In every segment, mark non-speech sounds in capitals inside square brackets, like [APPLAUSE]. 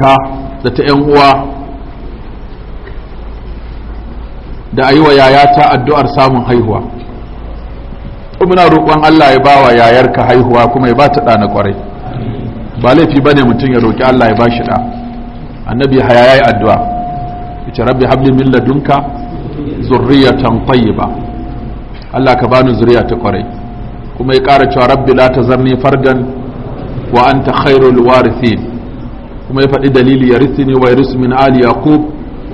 kaka da ta yan uwa da a yi wa yayata addu'ar samun haihuwa muna roƙon Allah ya bawa yayarka haihuwa kuma ya ba ta ɗana ƙwarai ba laifi ba ne mutum ya roƙi Allah ya ba shi ɗa annabi haya ya yi addu'a ita rabbi habli min ladunka zurriyatan tayyiba Allah ka bani zuriya ta ƙwarai kuma ya ƙara cewa rabbi la zarni fardan wa anta khairul warithin kuma ya faɗi dalili ya risini wa yarisu min ali yaqub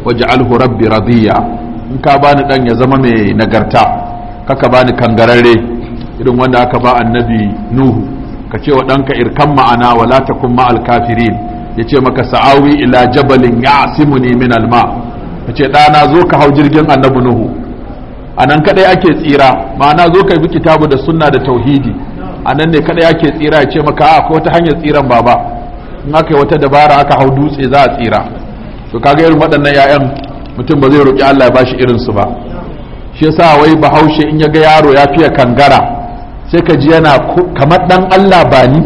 waj'alhu rabbi radiya in ka bani dan ya zama mai nagarta kaka bani kangararre irin wanda aka ba annabi nuhu ka ce wa danka irkan ma'ana wala takum ma'al kafirin ya ce maka sa'awi ila jabalin ya min alma ya ce ɗana zo ka hau jirgin annabi nuhu a nan kaɗai ake tsira ma'ana zo ka bi kitabu da sunna da tauhidi a nan ne kaɗai ake tsira ya ce maka a ko wata hanyar tsiran baba in aka yi wata dabara aka hau dutse za a tsira to kaga irin waɗannan 'ya'yan mutum ba zai roƙi Allah ya bashi irin su ba shi yasa wai bahaushe in ya ga yaro ya fiye kangara sai ka ji yana kamar dan Allah ba ni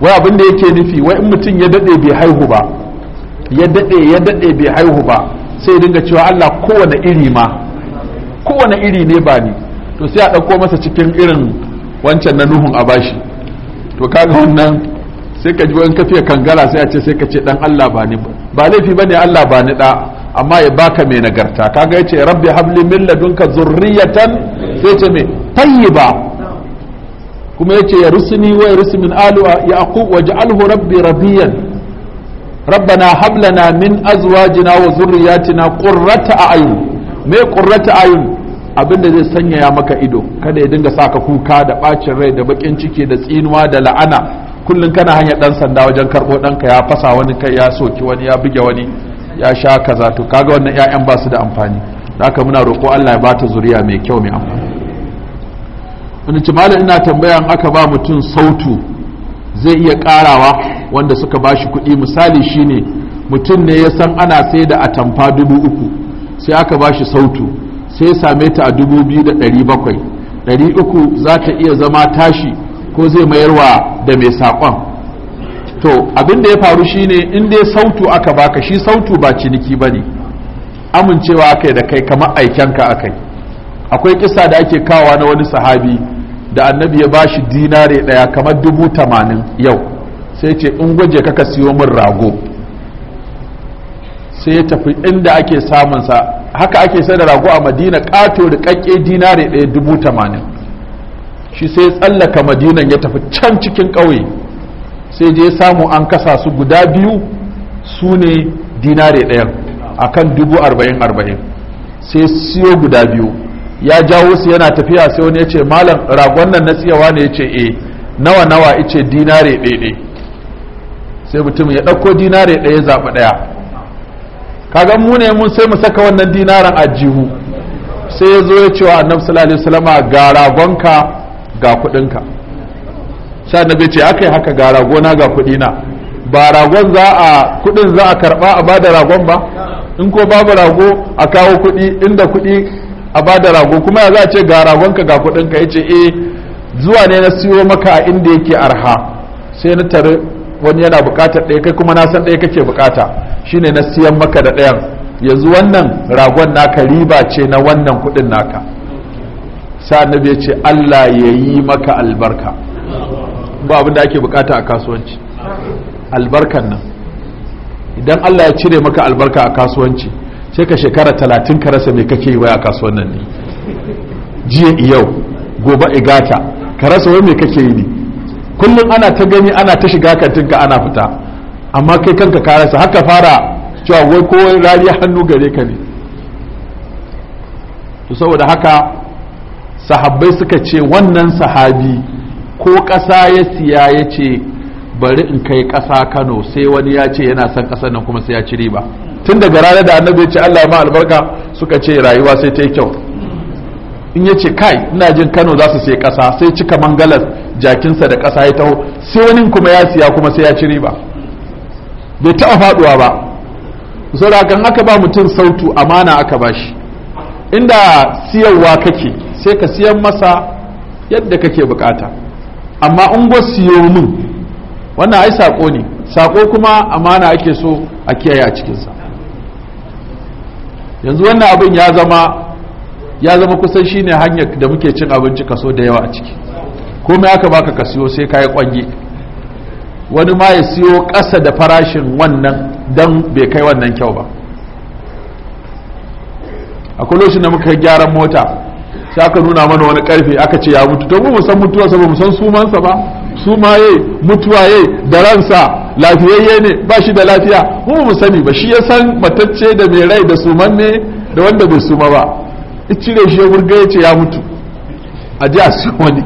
wai abin da yake nufi wai in mutum ya dade bai haihu ba ya dade ya dade bai haihu ba sai ya dinga cewa Allah kowane iri ma kowane iri ne ba ni to sai a ɗauko masa cikin irin wancan na nuhun a bashi to kaga wannan sai ka ji wani kafiya kangara sai a ce sai ka ce dan Allah ba ni ba laifi bane Allah ba ni da amma ya baka mai nagarta kaga yace rabbi habli min ladunka zurriyatan sai ce me tayyiba kuma yace ya rusuni wa rusu min alu yaqub waj'alhu rabbi rabiyan ربنا هب لنا من ازواجنا وذرياتنا قرة اعين me qurrata ayun abin da zai sanyaya maka ido kada ya dinga saka kuka da bacin rai da bakin ciki da tsinuwa da la'ana kullum kana hanyar dan sanda wajen karɓo ɗanka ya fasa wani kai ya soki wani ya buge wani ya sha kaza to kaga wannan ƴaƴan ba su da amfani haka muna roƙo Allah ya bata zuriya mai kyau mai amfani wani cimalin ina tambaya in aka ba mutum sautu zai iya ƙarawa wanda suka ba shi kuɗi misali shine mutum ne ya san ana sai da atamfa dubu uku sai aka ba shi sautu sai same ta a dubu biyu da ɗari bakwai ɗari uku za ta iya zama tashi ko zai mayarwa da mai saƙon to abin da ya faru shine in dai sautu aka baka shi sautu ba ciniki ba ne amincewa aka yi da kai kamar aikenka aka yi akwai kisa da ake kawa na wani sahabi da annabi ya ba shi dinare ɗaya kamar dubu tamanin yau sai ce in gwaje kaka siyo min rago sai ya tafi inda ake samunsa haka ake sai da rago a madina ƙato da ƙaƙƙe dinare ɗaya dubu tamanin shi sai tsallaka madinan ya tafi can cikin ƙauye sai je samu an kasa su guda biyu su ne dinare ɗayan a kan dubu arba'in arba'in sai siyo guda biyu ya jawo su yana tafiya sai wani ya ce malam ragon nan na tsiyawa ne ya ce e nawa nawa ya ce dinare ɗaiɗai sai mutum ya ɗauko dinare ɗaya zaɓi ɗaya kaga mu ne mun sai mu saka wannan dinaran a jihu sai ya zo ya cewa annabi sallallahu alaihi wasallama ga ragonka ga kuɗinka sha na ce aka yi haka ga ragona ga kuɗina ba ragon za a kuɗin za a karɓa a bada ragon ba in ko babu rago a kawo kuɗi inda kuɗi a bada rago kuma ya za a ce ga ragonka ga kuɗinka ya ce eh zuwa ne na siyo maka a inda yake arha sai na tare wani yana bukatar ɗaya kai kuma na san ɗaya kake bukata shine na siyan maka da ɗayan yanzu wannan ragon naka riba ce na wannan kuɗin naka sa ya ce Allah ya yi maka albarka ba abin da ake bukata a kasuwanci albarkan nan idan Allah ya cire maka albarka a kasuwanci sai ka shekara talatin ka rasa mai kake yi waya a kasuwannan ne jiya yau gobe igata ka rasa wai mai kake yi ne kullum ana ta gani ana ta shiga kantin ka ana fita amma kai kanka ka rasa haka fara cewa wai ko rariya hannu gare ka ne to saboda haka sahabbai suka ce wannan sahabi ko ƙasa ya siya ya ce bari in kai ƙasa kano sai wani ya ce yana son ƙasar nan kuma sai ya ci riba tun daga rana da annabi ya ce allah ma albarka suka ce rayuwa sai ta yi kyau in ya ce kai ina jin kano za su sai ƙasa sai cika mangalar jakinsa da ƙasa ya taho sai wani kuma ya siya kuma sai ya ci riba bai taɓa faɗuwa ba sau kan aka ba mutum sautu amana aka ba shi inda siyarwa kake sai ka siyan masa yadda kake bukata amma in siyo min wannan ai sako ne sako kuma amana ake so a kiyaye a cikinsa yanzu wannan abin ya zama ya zama kusan shine hanyar da muke cin abinci kaso da yawa a ciki komai aka baka ka siyo sai ka yi kwange wani ma ya siyo ƙasa da farashin wannan dan bai kai wannan kyau ba akwai lokacin da muka gyaran mota sai aka nuna mana wani karfe aka ce ya mutu to mu san mutuwa ba mu san sumansa ba su mutuwa mutuwaye da ransa lafiyayye ne ba shi da lafiya mu mu sani ba shi ya san matacce da mai rai da suman ne da wanda bai suma ba icire shi ya burga ya ce ya mutu a ji a siyo wani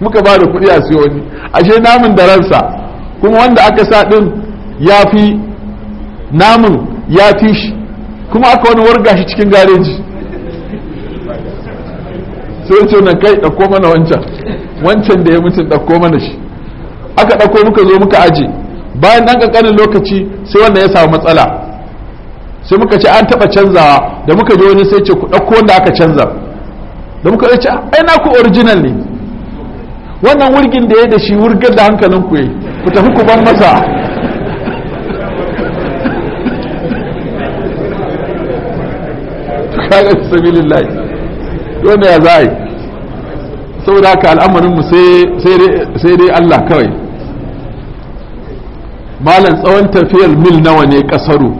muka ba da kuɗi a siyo wani ashe namun da ransa kuma wanda aka sa ɗin ya fi namun ya fi shi kuma aka wani warga shi cikin gareji sai ce na kai ɗauko mana wancan wancan da ya mutum ɗauko mana shi aka ɗauko muka zo muka aje bayan ɗan ƙanƙanin lokaci sai wannan ya samu matsala sai muka ce an taɓa canzawa da muka je wani sai ce ku ɗauko wanda aka canza da muka ce ai na ku original ne wannan wurgin da ya da shi wurgar da hankalin ku yi ku tafi ku ban masa ala sabilillah ne ya za a yi saboda al'amarinmu sai dai Allah kawai malam tsawon tafiyar mil nawa ne kasaru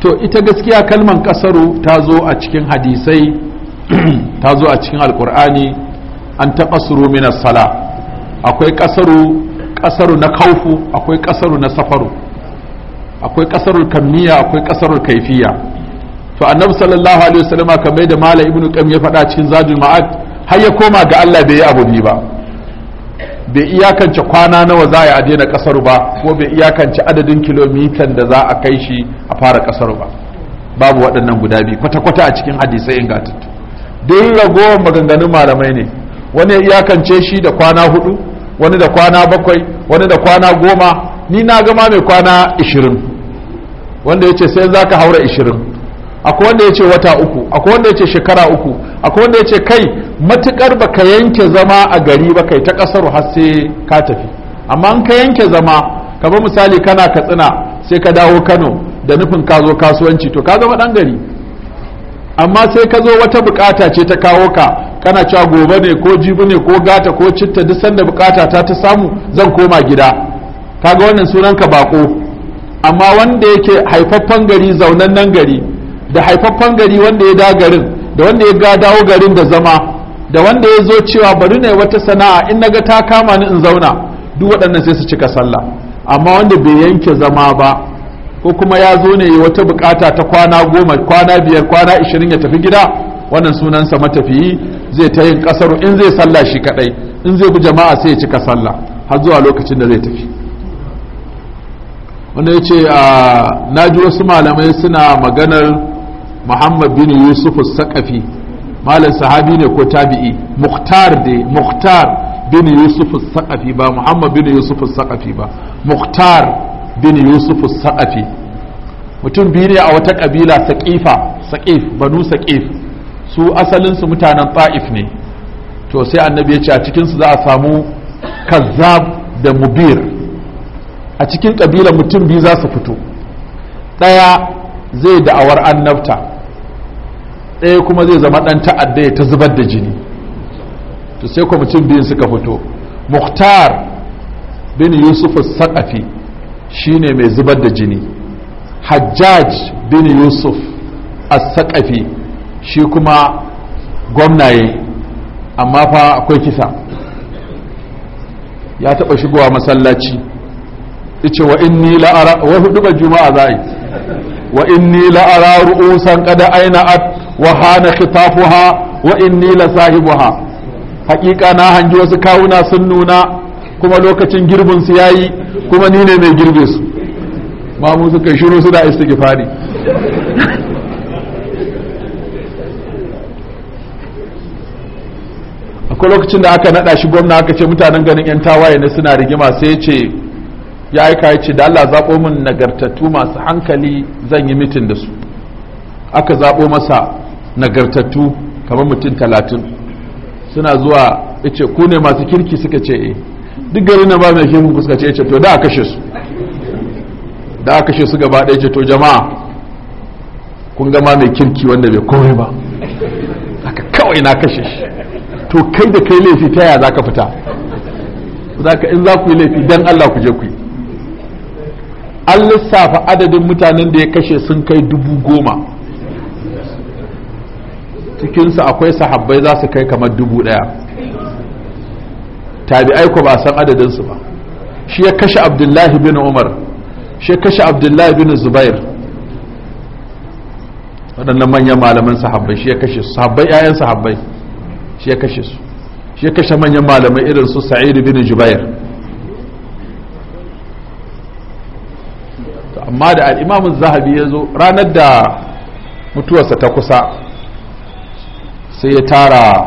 to ita gaskiya kalman kasaru ta zo a cikin hadisai [CLEARS THROAT] ta zo a cikin alkur'ani an ta kasuru minas sala akwai kasaru kasaru na kaufu akwai kasaru na safaru akwai kasarul kammiya akwai kasarul kaifiya to annabi sallallahu alaihi wasallama kamar da malam ibnu qayyim ya faɗa cikin zadul ma'ad har ya koma ga Allah bai yi abu biyu ba bai iyakance kwana nawa za a daina kasar ba ko bai iyakance adadin kilomitan da za a kai shi a fara kasar ba babu waɗannan guda biyu kwata-kwata a cikin hadisai ingantattu dai ragowar maganganun malamai ne wani iyakance shi da kwana hudu wani da kwana bakwai wani da kwana goma ni na gama mai kwana ishirin wanda ya ce sai za ka haura ishirin akwai wanda ya ce wata uku akwai wanda ya ce shekara uku akwai wanda ya ce kai matukar ba ka yanke zama a gari ba kai ta kasar har sai ka tafi amma in ka yanke zama ka ba misali kana katsina sai ka dawo kano da nufin ka zo kasuwanci to ka zama dan gari amma sai ka zo wata bukata ce ta kawo ka kana cewa gobe ne ko jibi ne ko gata ko citta duk sanda bukata ta ta samu zan koma gida kaga wannan sunan ka bako amma wanda yake haifaffan gari zaunan nan gari da haifaffan gari wanda ya da garin da wanda ya dawo garin da zama da wanda ya zo cewa bari yi wata sana'a in naga ta kama ni in zauna duk waɗannan sai su cika sallah amma wanda bai yanke zama ba ko kuma ya zo ne wata bukata ta kwana goma kwana biyar kwana ishirin ya tafi gida wannan sunansa matafiyi zai ta yin kasaru in zai sallah shi kadai in zai bi jama'a sai ya cika sallah har zuwa lokacin da zai tafi wanda ya ce ah, na ji wasu malamai suna maganar muhammad bin yusuf sakafi malam sahabi ne ko tabi'i muhtar da muhtar bin yusuf sakafi ba muhammad bin yusuf sakafi ba muhtar bin yusuf sakafi mutum biyu ne a wata ƙabila saƙifa saƙif banu saƙif su asalinsu mutanen ta'if ne to sai annabi ya ce a cikinsu za a samu kazzab da mubir a cikin ƙabila mutum biyu za su fito ɗaya zai da'awar annabta ɗaya kuma zai zama ɗan ta'adda ya ta zubar da jini to sai kwamitin biyun suka fito Muktar bin yusuf saƙafi shine mai zubar da jini hajjaj bin yusuf a saƙafi shi kuma gwamnaye amma fa akwai kisa ya taɓa shigowa masallaci ice wa inni la'ara wa hudu juma'a za'i wa inni la'ara ru'usan kada aina at wa hana khitafuha wa inni lasahibuha haƙiƙa na hangi wasu kawuna sun nuna kuma lokacin girbin su yayi kuma ni ne mai girbe su ma mu suka shiru su da istighfari akwai lokacin da aka nada shi gwamna aka ce mutanen ganin yan tawaye ne suna rigima sai ya ce ya aika ya ce da Allah zaɓo min nagartattu masu hankali zan yi mitin da su aka zaɓo masa nagartattu kamar mutum talatin suna zuwa ce ku ne masu kirki suka ce e duk gari na ba mai kirki suka ce ce to da a kashe su da a kashe su gaba ɗaya ce to jama'a kun gama mai kirki wanda bai kowai ba haka kawai na kashe shi to kai da kai laifi ta yaya za ka fita za ka in za ku yi laifi don allah ku je ku yi an lissafa adadin mutanen da ya kashe sun kai dubu goma cikinsu akwai sahabbai za su kai kamar dubu ɗaya tabi'ai ko ba san adadinsu ba shi ya kashe abdullahi bin umar shi ya kashe abdullahi bin zubair waɗannan manyan malaman sahabbai shi ya kashe su sahabbai 'ya'yan sahabbai shi ya kashe su shi ya kashe manyan malamai irin su sa'id bin jubair amma da al'imamin zahabi ya zo ranar da mutuwarsa ta kusa sai ya tara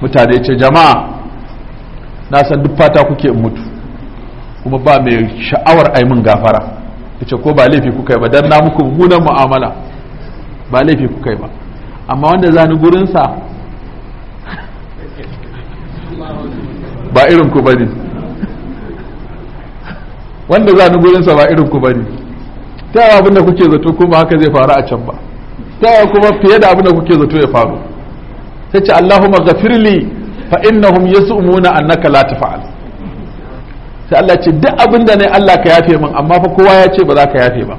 mutane ce jama'a na san duk fata kuke mutu kuma ba mai sha'awar aimin gafara ita ko ba laifi kuka yi ba don na muku gudan mu'amala ba laifi kuka yi ba amma wanda [LAUGHS] zani gurinsa ba irin ku bane wanda zani gurinsa ba irin ku bane ta yawa abinda kuke zato kuma haka zai faru a can ba ta kuma fiye da abin da kuke zato ya faru sai ce Allahumma ghafirli fa innahum yas'umuna annaka la taf'al sai Allah ce duk abin da ne Allah ka yafe min amma fa kowa ya ce ba za ka yafe ba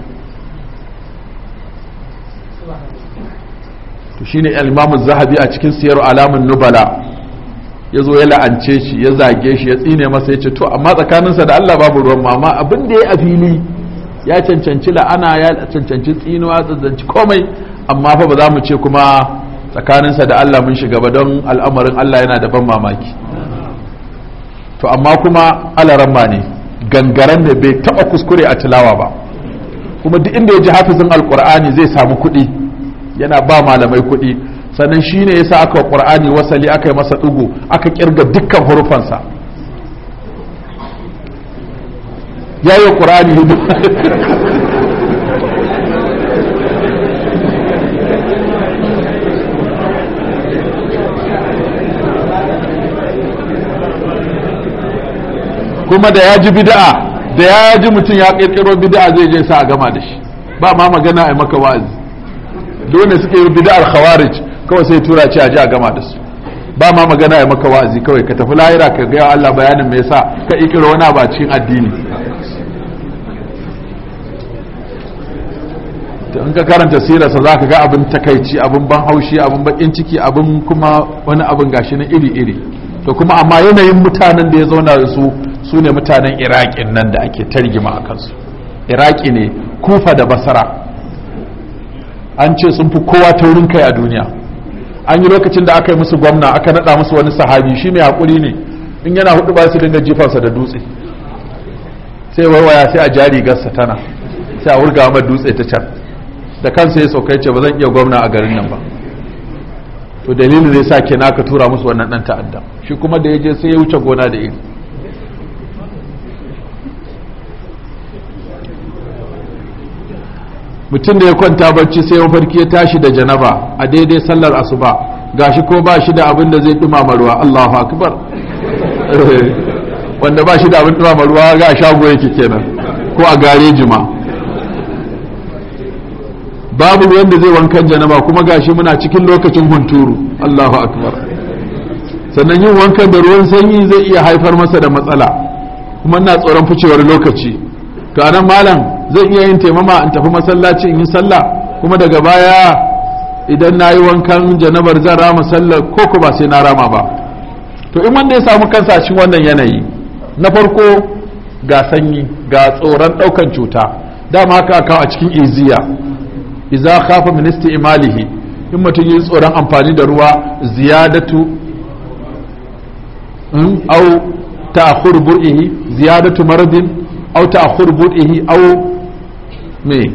to shine al-Imam zahabi a cikin siyar alamun nubala ya zo ya la'ance shi ya zage shi ya tsine masa ya ce to amma tsakaninsa da Allah babu ruwan mama abin da ya a fili ya cancanci la'ana ya cancanci tsinuwa tsancanci komai amma fa ba za mu ce kuma tsakaninsa da Allah mun shiga ba don al'amarin Allah yana da ban mamaki to amma kuma alaramma ne gangaren da bai taba kuskure a tilawa ba kuma duk inda ya ji hafizin alkur'ani zai samu kuɗi yana ba malamai kuɗi sannan shi ne ya sa aka ƙur'ani wasali aka yi masa ɗugu aka ƙirga dukkan hurufansa ya yi ƙur'ani [LAUGHS] kuma da ya ji bid'a da ya ji mutum ya kirkiro bidaa zai je sa a gama da shi ba ma magana a maka wa'azi dole suke yi bida'ar khawarij kawai sai tura ci a ji a gama da su ba ma magana a maka wa'azi kawai ka tafi lahira ka ga Allah bayanin me yasa ka kirkiro wani ba cikin addini in ka karanta sirarsa za ka ga abin takaici abin ban haushi abin bakin ciki abin kuma wani abin gashi na iri-iri to kuma amma yanayin mutanen da ya zauna da su su ne mutanen iraƙin nan da ake targima a kansu iraƙi ne kufa da basara an ce sun fi kowa taurin kai a duniya an yi lokacin da aka yi musu gwamna aka nada musu wani sahabi shi mai haƙuri ne in yana hudu ba su dinga jifarsa da dutse sai waiwaya sai a jari gasa tana sai a wurga mai dutse ta can da kansa ya sauka ce ba zan iya gwamna a garin nan ba to dalilin zai sa kenan aka tura musu wannan ɗan ta'adda shi kuma da ya je sai ya wuce gona da iri mutum da ya kwanta bacci sai mafarki ya tashi da janaba a daidai sallar asuba gashi ko ba shi da abin da zai dumama ruwa Allahu akbar [LAUGHS] wanda ba shi da abin dumama ruwa ga shago yake kenan ko a gareji ma babu ruwan da zai wankan janaba kuma gashi muna cikin lokacin hunturu Allahu akbar sannan yin wankan da ruwan sanyi zai iya haifar masa da matsala kuma ina tsoron ficewar lokaci to anan malam zan iya yin taimama in tafi masallaci in yi sallah kuma daga baya idan na yi wankan janabar zan rama sallar ko ba sai na rama ba to in wanda ya samu kansa cikin wannan yanayi na farko ga sanyi ga tsoron ɗaukan cuta dama haka aka a cikin iziya iza khafa ministi imalihi in mutum yi tsoron amfani da ruwa ziyadatu hmm, au ta'khur bu'ihi ziyadatu maradin au ta'khur bu'ihi au me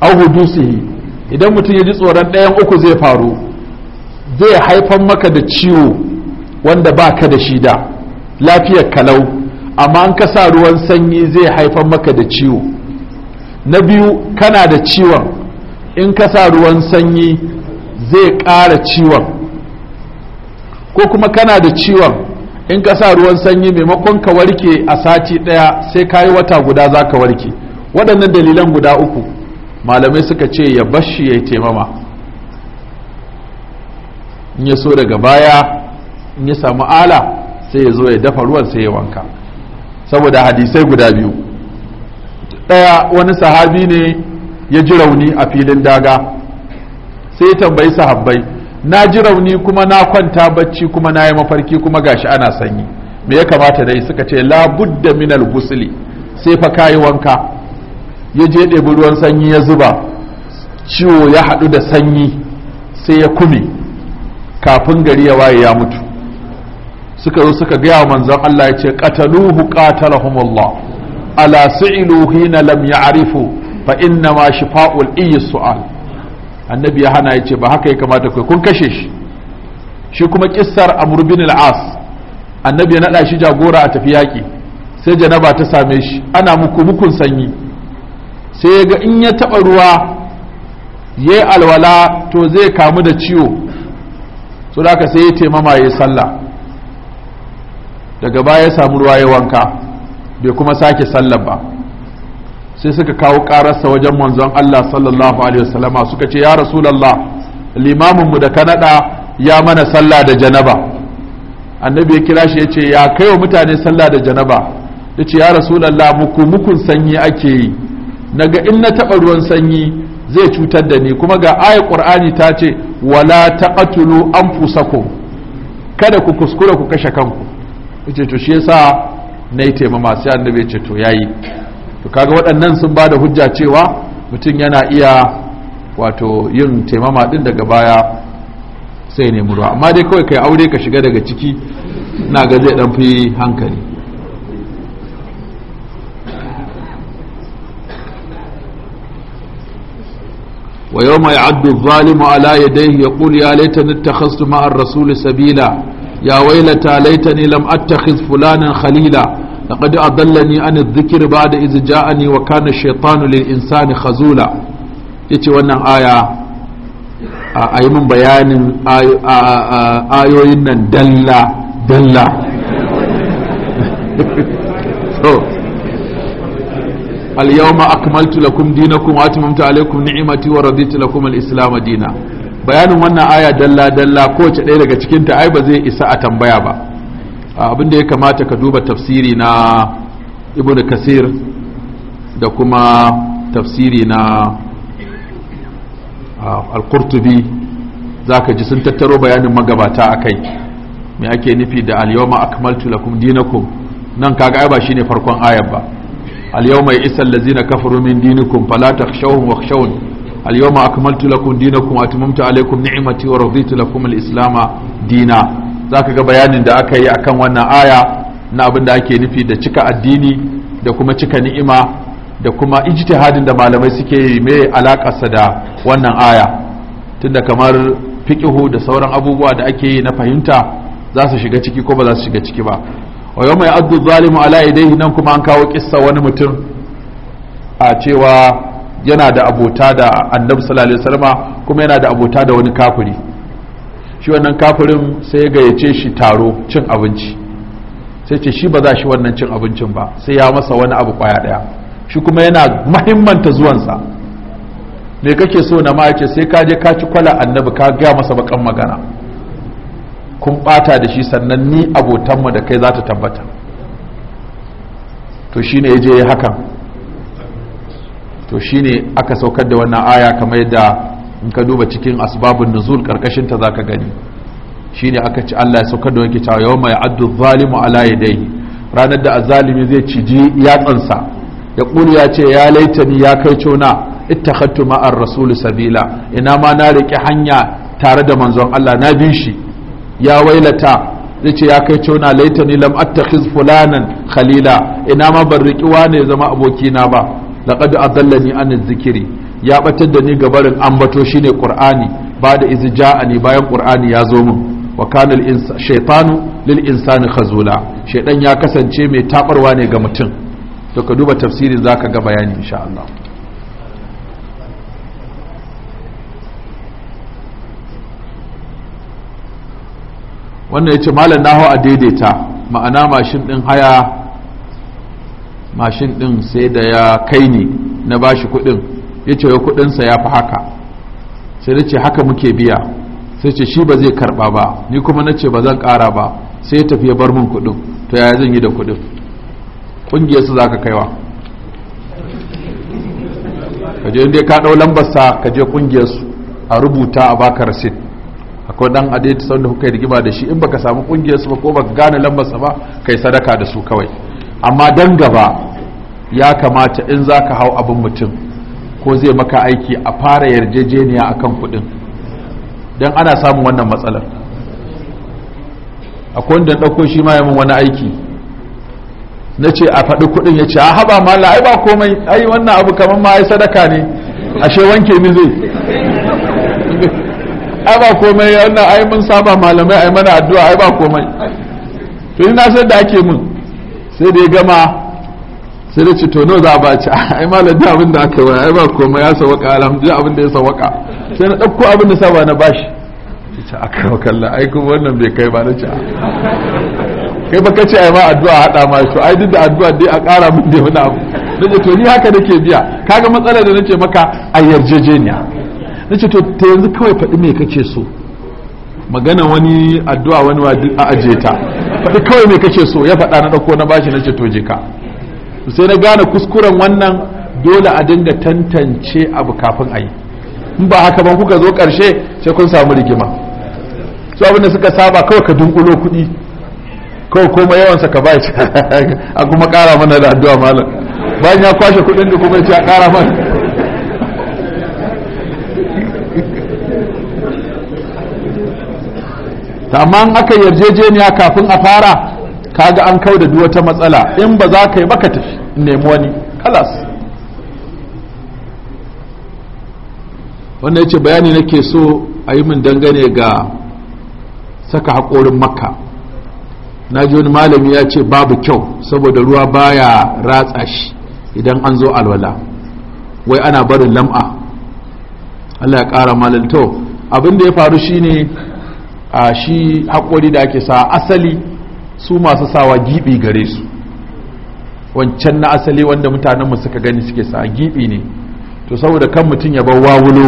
ahudusihi idan mutum ya ji tsoron ɗayan uku zai faru zai haifan maka da ciwo wanda ba ka da shi da lafiyar kalau amma an ka ruwan sanyi zai haifan maka da ciwo na biyu kana da ciwon in ka ruwan sanyi zai ƙara ciwon ko kuma kana da ciwon in kasa ruwan sanyi maimakon ka warke a sati ɗaya sai kayi wata guda za ka warke waɗannan dalilan guda uku malamai suka ce ya bashi ya yi taimama in ya so daga baya in ya samu ala sai ya zo ya dafa ruwan sai ya wanka saboda hadisai guda biyu ɗaya wani sahabi ne ya ji rauni a filin daga sai ya tambayi sahabbai na ji rauni kuma na kwanta bacci kuma na yi mafarki kuma gashi ana sanyi me ya kamata yi suka ce labudda minal gusli sai fa kayi wanka ya je ɗebi ruwan sanyi ya zuba ciwo ya haɗu da sanyi sai ya kume kafin gari ya waye ya mutu suka zo suka gaya wa manzon Allah ya ce qataluhu qatalahumullah ala su'ilu hina lam ya'rifu fa inna ma shifa'ul iyyi su'al annabi ya hana yace ba haka ya kamata kai kun kashe shi shi kuma kissar amr bin al-as annabi ya nada shi jagora a tafi yaki sai janaba ta same shi ana muku mukun sanyi sai ga in ya taɓa ruwa ya alwala to zai kamu da ciwo so da aka sai ya taimama ya sallah daga baya ya samu ruwa ya wanka bai kuma sake sallah ba sai suka kawo ƙararsa wajen manzon Allah sallallahu alaihi wasallama suka ce ya rasulallah limaminmu da kanada ya mana sallah da janaba annabi ya kira shi ya ce ya kai wa mutane sallah da janaba ya ce ya rasulallah muku mukun sanyi ake yi naga in na taɓa ruwan sanyi zai cutar da ni kuma ga ayar ƙur'ani ta ce wala taqatulu anfusakum kada ku kuskura ku kashe kanku yace to shi yasa nayi taimama sai annabi yace to yayi to kaga waɗannan sun ba da hujja cewa mutum yana iya wato yin taimama din daga baya sai ne ruwa amma dai kawai kai aure ka shiga daga ciki na ga zai dan fi hankali ويوم يعد الظالم على يديه يقول يا ليتني اتخذت مع الرسول سبيلا يا ويلتى ليتني لم اتخذ فلانا خليلا لقد أضلني عن الذكر بعد إذ جاءني وكان الشيطان للإنسان خزولا yace wannan aya a yi min bayanin ayoyin nan dalla dalla so al-yawma akmaltu lakum dinakum wa atmamtu alaykum ni'mati wa raditu lakum al-islam dina bayanin wannan aya dalla dalla kowace daga cikin ta ai ba zai isa a tambaya ba abin da ya kamata ka duba tafsiri na ibnu kasir da kuma tafsiri na al-qurtubi zaka ji sun tattaro bayanin magabata akai me ake nufi da al-yawma akmaltu lakum dinakum nan kaga ai ba shine farkon ayar ba al-yawma ya'isa allazina kafaru min dinikum fala takhshawhum wakhshawun al-yawma akmaltu lakum dinakum wa atmamtu alaykum ni'mati wa raditu dina zaka ga bayanin da aka yi akan wannan aya na abin da ake nufi da cika addini da kuma cika ni'ima da kuma ijtihadin da malamai suke yi me alakarsa da wannan aya tunda kamar fiƙihu da sauran abubuwa da ake yi na fahimta za su shiga ciki ko ba za su shiga ciki ba wa yau mai addu zalimu ala idaihi nan kuma an kawo kissa wani mutum a cewa yana da abota da annabi sallallahu alaihi wasallam kuma yana da abota da wani kafiri shi wannan kafirin sai ya gayyace shi taro cin abinci sai ce shi ba za shi wannan cin abincin ba sai ya masa wani abu kwaya daya shi kuma yana mahimmanta zuwansa me kake so na ma yace sai ka je ka ci kwala annabi ka gaya masa bakan magana kun bata da shi sannan ni abotanmu da kai za ta tabbata to shine ya je hakan to shine aka saukar da wannan aya kamar yadda in ka duba cikin asbabun nuzul karkashin ta zaka gani shine aka ci Allah ya saukar da wanke cewa mai addu zalimu ala yadayhi ranar da azalimi zai ciji yatsansa ya ya ce ya laitani ya kai cona ittakhattu ma'ar rasul sabila ina ma na riƙe hanya tare da manzon Allah na bin shi ya wailata zai ya kai cona laitani lam attakhiz fulanan khalila ina ma ban riki wane ya zama abokina ba laqad adallani an zikiri ya batar da ni ga gabarin ambato shine qur'ani ba da izja'ani bayan qur'ani ya zo min wa kana shaytanu lil insani khazula shaydan ya kasance mai tabarwa ne ga mutum to ka duba tafsirin zaka ga bayani insha Allah wannan ya ce malam na hau a daidaita ma'ana mashin ɗin haya mashin ɗin sai da ya kai ni na ba shi kuɗin ya ce kuɗinsa ya fi haka sai ce haka muke biya sai ce shi ba zai karɓa ba ni kuma na ce ba zan kara ba sai ya tafi ya bar min kuɗin to yaya zan yi da kuɗin ƙungiyarsu za ka kaiwa ka je inda ka ɗau lambarsa kaje je ƙungiyarsu a rubuta a baka rasit akwai dan adai ta sanda kuka rigima da shi in baka samu kungiyar su ba ko baka gane lambar sa ba kai sadaka da su kawai amma dan gaba ya kamata in zaka hau abin mutum ko zai maka aiki a fara yarjejeniya akan kuɗin dan ana samun wannan matsalar akwai wanda ɗauko shi ma yamin wani aiki na ce a faɗi kuɗin ya ce a haɓa mala ai ba komai ai wannan abu kamar ma ai sadaka ne ashe wanke ni zai ai ba komai yana ai mun saba malamai ai mana addu'a ai ba komai to ina san da ake mun sai da ya gama sai da ci to nawa za a ci [LAUGHS] ai malam da abin da aka yi ai ba komai ya sawaka alhamdu abin da ya sawaka sai na ɗauko abin da saba na bashi ce aka wa kalla ai kuma wannan bai kai ba na ci kai ba kace ai ma addu'a hada ma to ai duk da addu'a dai a ƙara min da wani abu nace to ni haka nake biya kaga matsalar da nake maka a yarjejeniya na ce to ta yanzu kawai faɗi me kake so magana wani addu'a wani a aje ta faɗi kawai me kake so ya faɗa na ɗauko na bashi na ce to je ka sai na gane kuskuren wannan dole a dinga tantance abu kafin a yi in ba haka ban kuka zo ƙarshe sai kun samu rigima su abinda suka saba kawai ka dunkulo kuɗi kawai komai yawansa ka bai [LAUGHS] a kuma ƙara mana da addu'a malam bayan ya kwashe kuɗin da kuma ya ce a ƙara mana ta amma in aka yarjejeniya kafin a fara kaga an kau da wata matsala in ba za ka yi baka tafi nemi wani kalas wanda ya bayani nake so a yi min dangane ga saka haƙorin makka na ji wani malami ya ce babu kyau saboda ruwa baya ratsa shi idan an zo alwala wai ana barin lam'a allah ya ƙara malalto abin da ya faru shine a shi haƙori da ake sa asali su masu sawa giɓi gare su wancan na asali wanda mutanen mu suka gani suke sa giɓi ne to saboda kan mutum ya bar wawulo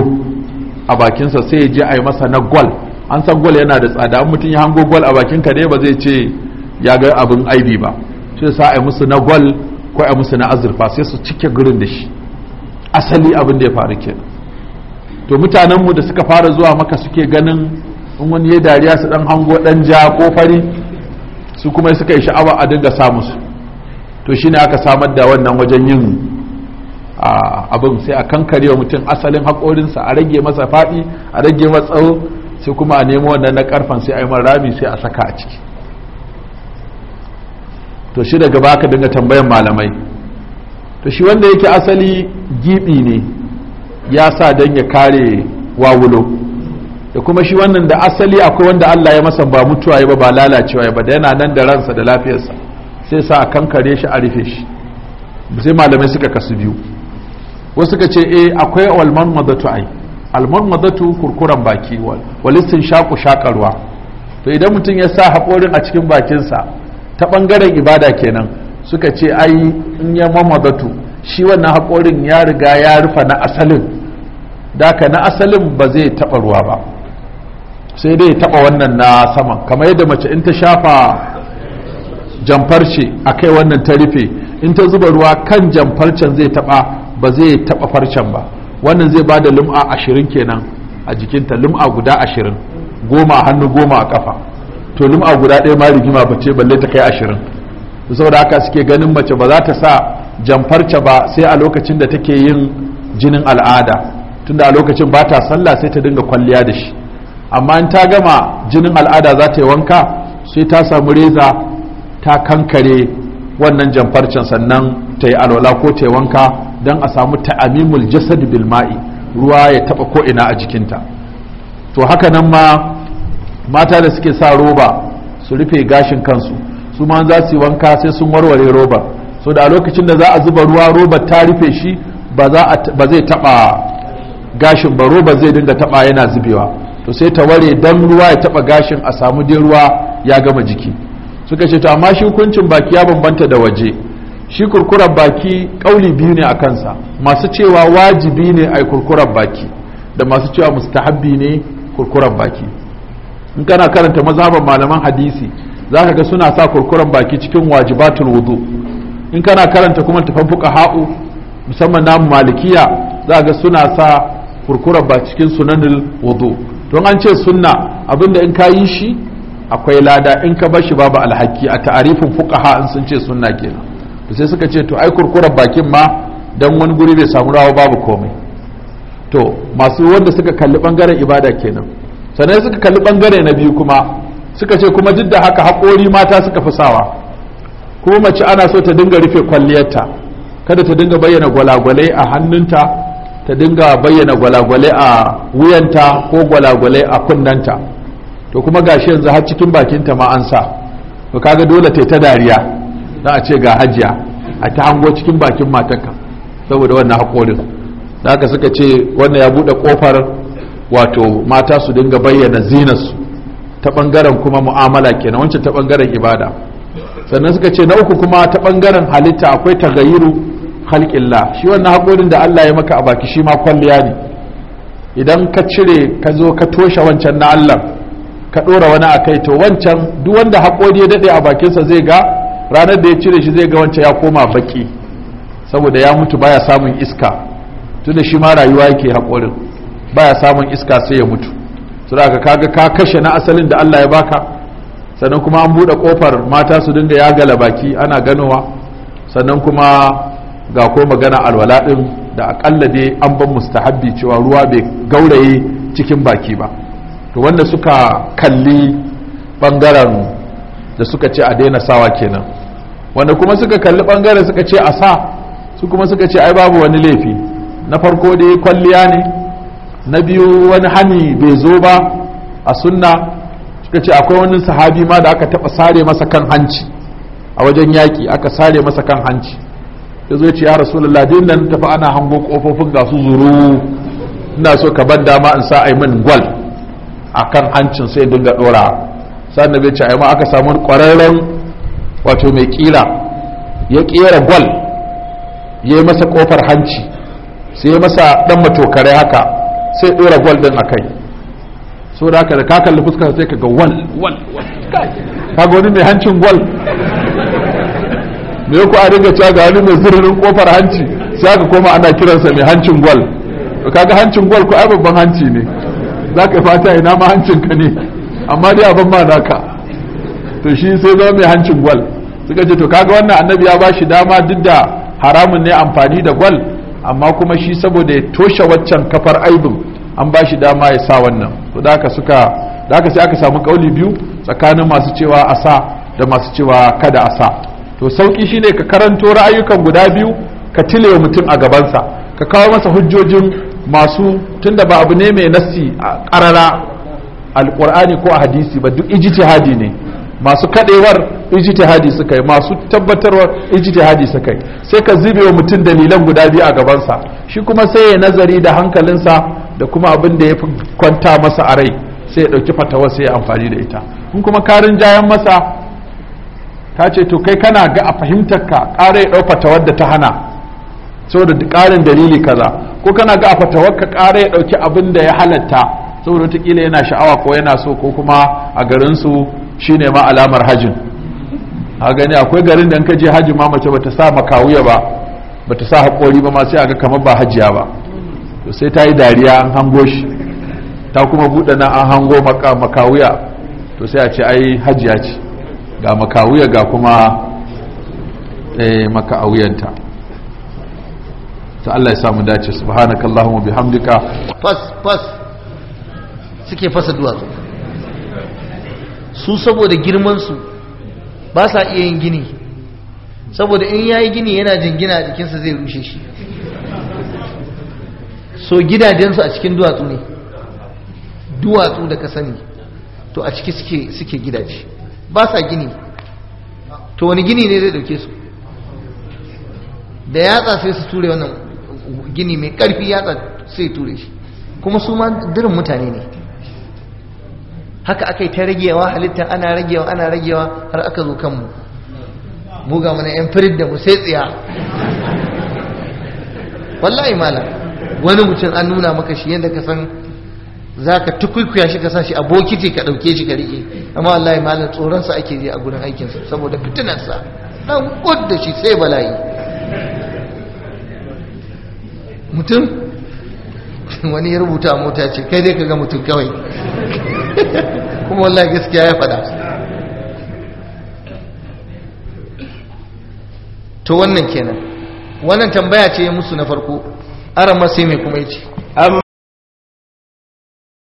a bakinsa sai ya je a masa na gwal an san gwal yana da tsada an mutum ya hango gwal a bakin ne ba zai ce ya ga abin aibi ba sai sa a musu na gwal ko a musu na azurfa sai su cike gurin da shi asali abin da ya faru kenan to mutanenmu da suka fara zuwa maka suke ganin in wani ya dariya su dan hango dan ja ko fari su kuma suka yi sha'awa a dinga sa musu to shine aka samar da wannan wajen yin abin sai a kankare wa mutum asalin haƙorinsa a rage masa faɗi a rage masa tsawo sai kuma a nemo wannan na karfan sai a yi rami sai a saka a ciki to shi daga baka dinga tambayan malamai to shi wanda yake asali giɓi ne ya sa dan ya kare wawulo da kuma shi wannan da asali akwai wanda Allah ya masa ba mutuwa ya ba ba lalacewa ba da yana nan da ransa da lafiyarsa sai sa a kankare shi a rufe shi sai malamai suka kasu biyu wasu suka ce eh akwai walman madatu ai alman madatu kurkuran baki walistin shaku shakarwa to idan mutum ya sa haƙorin a cikin bakinsa ta bangaren ibada kenan suka ce ai in ya mamadatu shi wannan haƙorin ya riga ya rufa na asalin daka na asalin ba zai taɓa ruwa ba sai dai taɓa wannan na saman kamar yadda mace in ta shafa jamfarce a kai wannan ta rufe in ta zuba ruwa kan jamfarcen zai taɓa ba zai taɓa farcen ba wannan zai ba da lum'a ashirin kenan a jikinta lum'a guda ashirin goma hannu goma a kafa to lum'a guda ɗaya ma rigima ba ce balle ta kai ashirin saboda haka suke ganin mace ba za ta sa jamfarce ba sai a lokacin da take yin jinin al'ada tunda a lokacin ba ta sallah sai ta dinga kwalliya da shi amma in ta gama jinin al'ada za ta yi wanka sai ta samu reza ta kankare wannan jamfarcin sannan ta yi alwala ko ta yi wanka don a samu ta'amimul jasad bil ma'i ruwa ya taba ko ina a jikinta to haka nan ma mata da suke sa roba su rufe gashin kansu su ma za su yi wanka sai sun warware robar so da a lokacin da za a zuba ruwa roba ta rufe shi ba zai taba gashin ba roba zai dinga taba yana zubewa to sai ta ware dan ruwa ya taba gashin a samu dai ruwa ya gama jiki suka ce to amma shi hukuncin baki ya bambanta da waje shi kurkurar baki kauli biyu ne a kansa masu cewa wajibi ne a kurkurar baki da masu cewa mustahabbi ne kurkurar baki in kana karanta mazhaban malaman hadisi za ka ga suna sa kurkuran baki cikin wajibatul wudu in kana karanta kuma tafan fuka ha'u musamman namu malikiya za ga suna sa kurkura baki cikin sunanul wudu don an ce sunna abinda in ka yi shi akwai lada in ka bashi babu alhaki a ta'arifin fuqaha in sun ce sunna kenan to sai suka ce to ai kurkurar bakin ma dan wani guri bai samu rawa babu komai to masu wanda suka kalli bangaren ibada kenan sannan suka kalli bangare na biyu kuma suka ce kuma duk da haka haƙori mata suka fi sawa kuma mace ana so ta dinga rufe kwalliyarta kada ta dinga bayyana gwalagwalai a hannunta ta dinga bayyana gwalagwale a wuyanta ko gwalagwale a kunnanta to kuma gashi yanzu har cikin bakinta ma an sa to kaga dole ta ta dariya za a ce ga hajiya a ta hango cikin bakin matanka saboda wannan haƙorin da haka suka ce wannan ya buɗe kofar wato mata su dinga bayyana zinarsu ta ɓangaren kuma mu'amala kenan wancan ta bangaren ibada sannan suka ce na uku kuma ta ɓangaren halitta akwai tagayiru khalqillah shi wannan haƙorin da Allah ya maka a baki shi ma kwalliya ne idan ka cire ka zo ka toshe wancan na Allah ka ɗora wani a kai to wancan duk wanda haƙori ya daɗe a bakinsa zai ga ranar da ya cire shi zai ga wancan ya koma baƙi saboda ya mutu baya samun iska tunda shi ma rayuwa yake haƙorin baya samun iska sai ya mutu sai ka kaga ka kashe na asalin da Allah ya baka sannan kuma an buɗe ƙofar mata su dinga ya gala baki ana ganowa sannan kuma ga ko magana alwala din da akalla dai an ban mustahabbi cewa ruwa bai gauraye cikin baki ba to wanda suka kalli bangaren da suka ce a daina sawa kenan wanda kuma suka kalli bangaren suka ce a sa su kuma suka ce ai babu wani laifi na farko dai kwalliya ne na biyu wani hani bai zo ba a sunna suka ce akwai wani sahabi ma da aka taba sare masa kan hanci a wajen yaki aka sare masa kan hanci ya zo ce ya rasu din nan tafi ana hango kofofin ga su zuru ina so ka ban dama in sa min gwal a kan hancin sai dinga dora bai ci ce yi ma aka samu kwararren wato mai kira ya kera gwal ya yi masa kofar hanci sai ya masa dan matokare haka sai dora gwal din a kai so da haka da ka kalli fuskar sai ka ga wal wal wal kaga wani mai hancin gwal me ku a dinga cewa ga wani mai zurrin kofar hanci sai aka koma ana kiransa mai hancin gwal to kaga hancin gwal ko ai babban hanci ne za ka fata ina ma hancin ka ne amma dai abin ma naka to shi sai zama mai hancin gwal suka ce to kaga wannan annabi ya bashi dama duk da haramun ne amfani da gwal amma kuma shi saboda ya toshe waccan kafar aibin an bashi dama ya sa wannan to da ka suka da sai aka samu kauli biyu tsakanin masu cewa asa da masu cewa kada a sa to sauki shine ka karanto ra'ayukan guda biyu ka tile mutum a gabansa ka kawo masa hujjojin masu tunda ba abu ne mai nassi a karara Alƙur'ani ko a hadisi ba duk ijtihadi ne masu kadewar ijtihadi suka yi masu tabbatarwar ijtihadi suka yi sai ka zube wa mutum dalilan guda biyu a gabansa shi kuma sai ya nazari da hankalinsa da kuma abin da ya fi kwanta masa a rai sai ya ɗauki fatawar sai ya amfani da ita in kuma karin jayan masa ta ce to kai kana ga a fahimtar ka ƙara ya ɗauka ta wadda ta hana saboda ƙarin dalili kaza ko kana ga a fatawar ka ƙara ya ɗauki abin da ya halatta saboda wataƙila yana sha'awa ko yana so ko kuma a garinsu shine ma alamar hajin a gani akwai garin da in ka je hajji ma mace bata sa makawuya ba bata sa haƙori ba ma sai a ga kamar ba hajiya ba to sai ta yi dariya an hango shi ta kuma buɗe na an hango makawuya to sai a ce ai hajiya ce ga makawuya ga kuma eh, makaawiyanta ta Allah ya samu dace wa bihamdika fas fas suke fasa duwatsu su saboda girman su ba sa iya yin gini saboda in yayi gini yana jingina a jikinsa zai rushe shi so gidajensu a cikin duwatsu ne duwatsu da ka sani to a ciki suke gidaje ba sa gini to wani gini ne zai dauke su da yatsa sai su ture wannan gini mai karfi yatsa sai ture shi kuma su ma dirin mutane ne haka aka yi ta ragewa halittar ana ragewa ana ragewa har aka zo kanmu buga mana yan firid da mu sai tsiya wallahi mala wani mutum an nuna maka shi yadda ka san za ka tukwikwiya shi ka sa shi a bokiti ka ɗauke shi ka riƙe amma wallahi malam tsoronsa ake je a gurin aikinsa saboda fitinarsa ɗan ƙud da shi sai bala'i mutum [LAUGHS] wani ya rubuta a mota ce kai dai ka ga mutum kawai [LAUGHS] kuma wallahi gaskiya ya faɗa to wannan kenan wannan tambaya ce musu na farko aran sai mai kuma ya ce